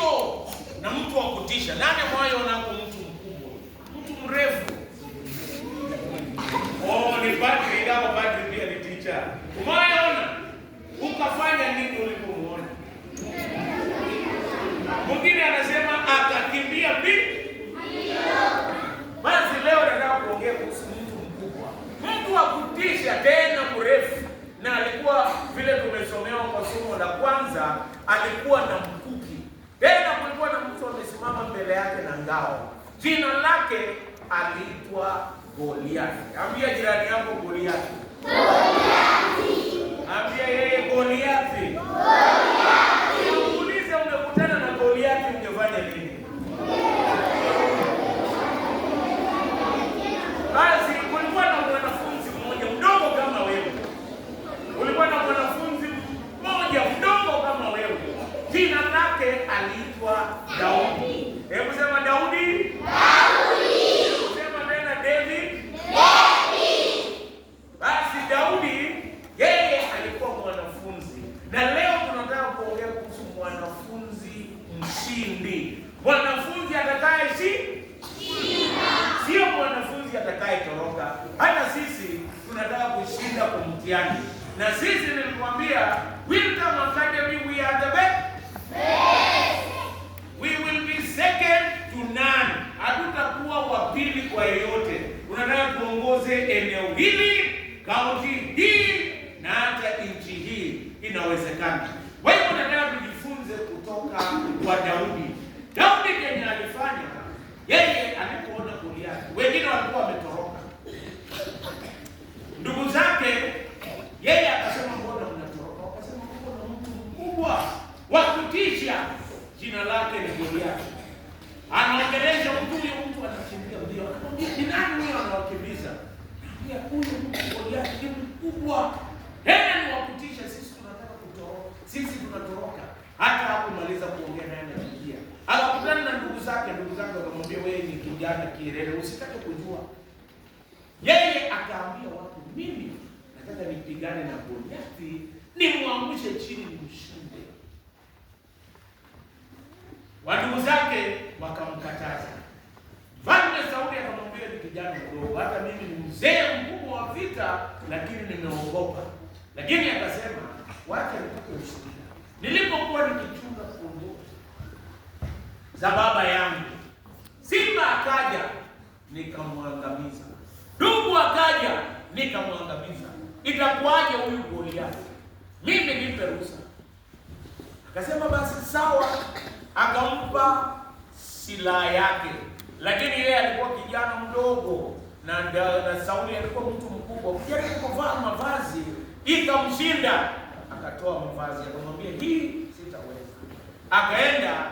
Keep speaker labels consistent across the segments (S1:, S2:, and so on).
S1: mzito na mtu wa kutisha. Nani mwayonaku mtu mkubwa, mtu mrefu? Oh, ni padri, ingawa padri pia ni ticha. ona ukafanya nini ulipomuona? Mwingine anasema akakimbia vipi? Basi leo nataka kuongea kuhusu mtu mkubwa, mtu wa kutisha, tena mrefu, na alikuwa vile tumesomewa kwa somo la kwanza, alikuwa na tena kulikuwa na mtu amesimama mbele yake na ngao, jina lake aliitwa Goliathi. Ambia jirani yako Goliathi. Ambia yeye wanafunzi mshindi. Mwanafunzi atakaye si sio mwanafunzi atakaye toroka. Hata sisi tunataka kushinda kwa mtihani, na sisi nilikwambia, Wilcome Academy we are the best. We will be second to none. Hatutakuwa wa pili kwa yeyote. Unataka tuongoze eneo hili, kaunti hii na hata nchi hii, inawezekana. Wewe unataka kupiana kielele, usitake kujua. Yeye akaambia watu, mimi nataka nipigane na Goliathi, nimwangushe chini, nimshinde. Wandugu zake wakamkataza. Mfalme Sauli akamwambia, ni kijana mdogo, hata mimi ni mzee mkubwa wa vita, lakini nimeogopa. Lakini akasema, wacha nipate ushuhuda nilipokuwa nikichunga kondoo za baba yangu nikamwangamiza. Ndugu akaja nikamwangamiza. Itakuwaje huyu Goliathi? Mimi nipe ruhusa. Akasema basi sawa, akampa silaha yake, lakini yeye alikuwa kijana mdogo na, na Sauli alikuwa mtu mkubwa. Kujaribu kuvaa mavazi ikamshinda, akatoa mavazi akamwambia, hii sitaweza. Akaenda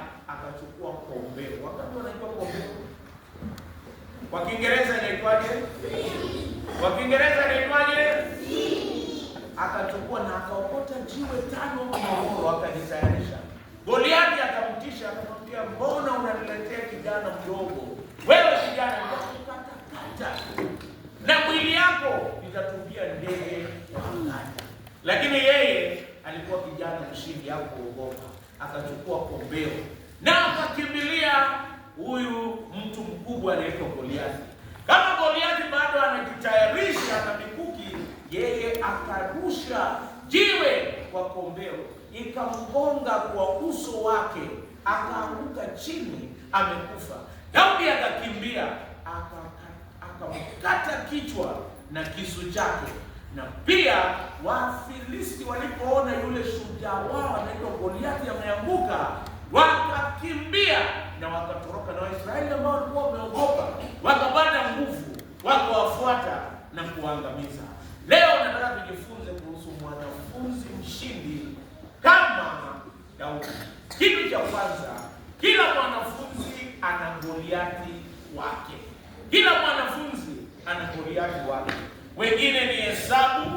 S1: Kwa Kiingereza inaitwaje? Kwa Kiingereza inaitwaje? Akachukua na akaokota jiwe tano mauro akajitayarisha goliati akamtisha akamwambia, mbona unaniletea kijana mdogo? Wewe kijana utakata na mwili yako itatumbia ndege wa angani. Lakini yeye alikuwa kijana mshindi, hakuogopa, akachukua kombeo na akakimbia mkubwa anaitwa Goliathi. Kama Goliathi bado anajitayarisha na mikuki, yeye akarusha jiwe kwa kombeo, ikamgonga kwa uso wake, akaanguka chini, amekufa. Daudi akakimbia, akamkata kichwa na kisu chake na pia Wafilisti walipoona yule shujaa wao anaitwa Goliathi ameanguka, wakakimbia na wakatoroka, na Waisraeli ambao walikuwa wameogopa wakapata nguvu, wakawafuata na kuwaangamiza. Leo nataka tujifunze kuhusu mwanafunzi mshindi kama Daudi. Kitu cha kwanza, kila mwanafunzi ana Goliati wake. Kila mwanafunzi ana Goliati wake. Wengine ni hesabu,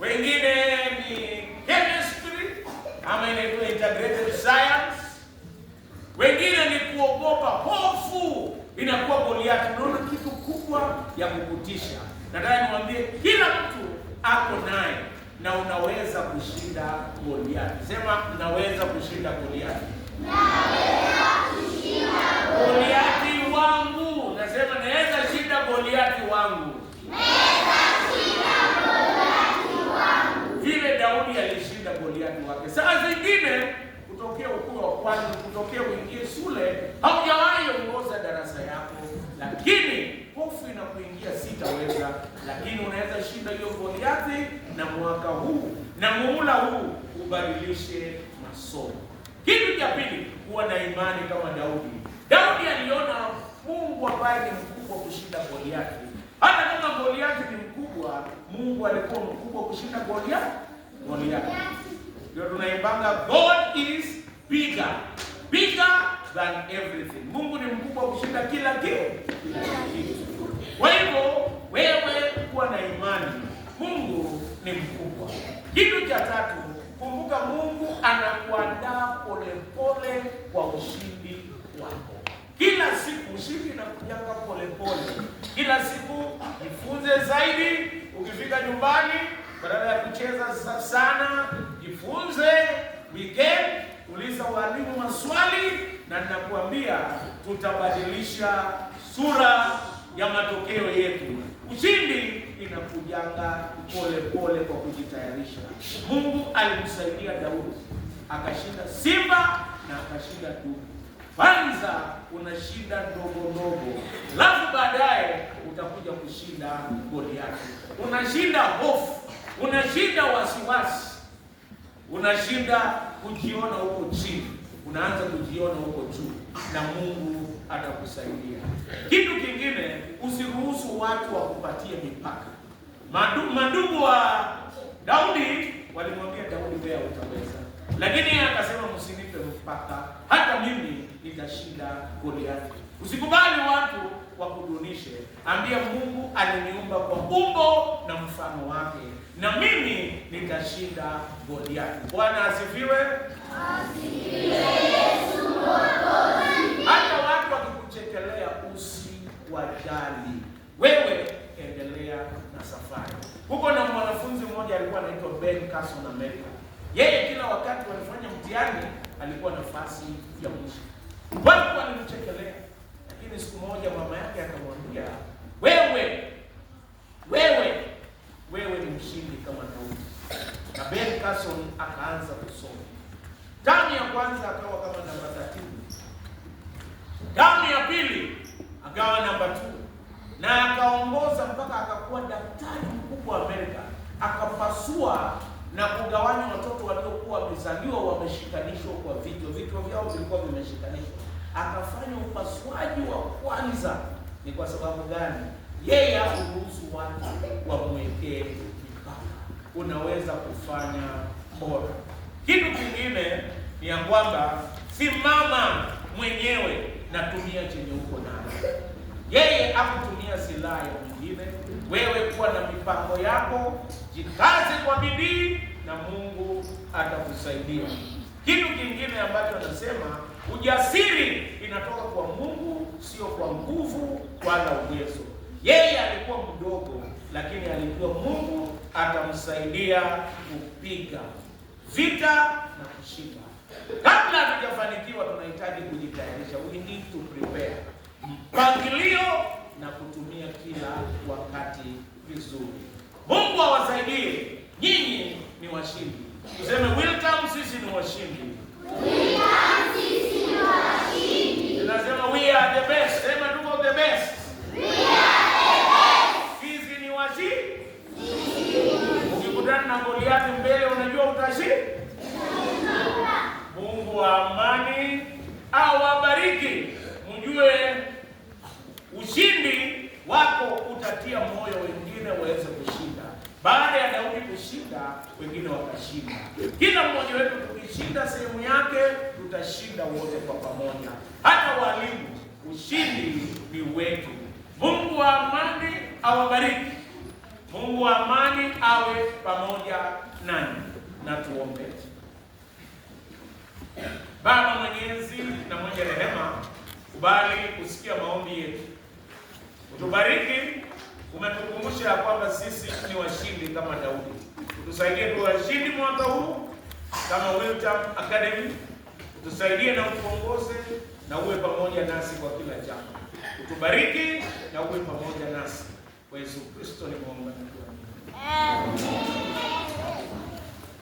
S1: wengine ni chemistry ama inaitwa integrated shida hiyo Goliathi, na mwaka huu na muula huu ubadilishe masomo. Kitu cha pili, kuwa na imani kama Daudi. Daudi aliona Mungu ambaye ni mkubwa kushinda Goliathi. Hata kama Goliathi ni mkubwa, Mungu alikuwa mkubwa kushinda Goliathi. Goliathi ndio tunaimbanga, God is bigger bigger than everything. Mungu ni mkubwa kushinda kila kitu. Kwa hivyo wewe kuwa na imani. Mungu ni mkubwa. Kitu cha tatu, kumbuka Mungu anakuandaa polepole kwa ushindi wako. Kila siku ushindi unakujanga polepole. Kila siku jifunze zaidi. Ukifika nyumbani, badala ya kucheza sana, jifunze. Weekend uliza walimu maswali, na ninakuambia tutabadilisha sura ya matokeo yetu. Ushindi inakujanga pole pole kwa kujitayarisha. Mungu alimsaidia Daudi akashinda simba na akashinda dubu. Kwanza unashinda ndogo ndogo, alafu baadaye utakuja kushinda Goliathi. Unashinda hofu, unashinda wasiwasi, unashinda kujiona huko chini unaanza kujiona huko juu, na Mungu atakusaidia. Kitu kingine, usiruhusu watu wakupatie mipaka. Mandugu wa Daudi walimwambia Daudi, wewe utaweza, lakini akasema msinipe mpaka, hata mimi nitashinda Goliathi. Usikubali watu wakudunishe. Ambia Mungu aliniumba kwa umbo na mfano wake, na mimi nitashinda Goliathi. Bwana asifiwe. Hata watu wakikuchekelea usiwajali, wewe endelea na safari huko. Na mwanafunzi mmoja alikuwa anaitwa Ben Carson America. Yeye kila wakati walifanya mtihani alikuwa nafasi ya mwisho, watu walimchekelea, lakini siku moja mama yake akamwambia, wewe wewe wewe ni mshindi kama Daudi. Na Ben Carson akaanza kusoma Damu ya kwanza akawa kama namba tatu, damu ya pili akawa namba two, na akaongoza mpaka akakuwa daktari mkubwa Amerika, akapasua na kugawanya watoto waliokuwa wamezaliwa wameshikanishwa kwa vichwa, vichwa vyao vilikuwa vimeshikanishwa. Akafanya upasuaji wa kwanza. Ni kwa sababu gani? Yeye hakuruhusu watu wamwekee mipaka. Unaweza kufanya bora kitu kingine ni ya kwamba simama mwenyewe na tumia chenye uko nayo. Yeye akutumia silaha ya mwingine, wewe kuwa na mipango yako, jikaze kwa bidii na Mungu atakusaidia. Kitu kingine ambacho anasema ujasiri inatoka kwa Mungu, sio kwa nguvu wala uwezo. Yeye alikuwa mdogo, lakini alijua Mungu atamsaidia kupiga vita na kushinda. Kabla hatujafanikiwa, tunahitaji kujitayarisha, we need to prepare, mpangilio na kutumia kila wakati vizuri. Mungu awasaidie. Nyinyi ni washindi, tuseme Wiltam, sisi ni washindi. kwa amani awabariki, mjue ushindi wako utatia moyo wengine waweze kushinda. Baada ya Daudi kushinda, wengine wakashinda. Kila mmoja wetu tukishinda sehemu yake, tutashinda wote kwa pamoja, hata walimu. Ushindi ni wetu. Mungu wa amani awabariki. Mungu wa amani awe pamoja nani na tuombe. Baba mwenyezi na mwenye rehema, kubali kusikia maombi yetu, utubariki. Umetukumbusha ya kwamba sisi ni washindi kama Daudi, utusaidie tu washindi mwaka huu kama Wiltam Academy, utusaidie na utuongoze na uwe pamoja nasi kwa kila jambo, utubariki na uwe pamoja nasi kwa Yesu Kristo ni mwomba. Amen.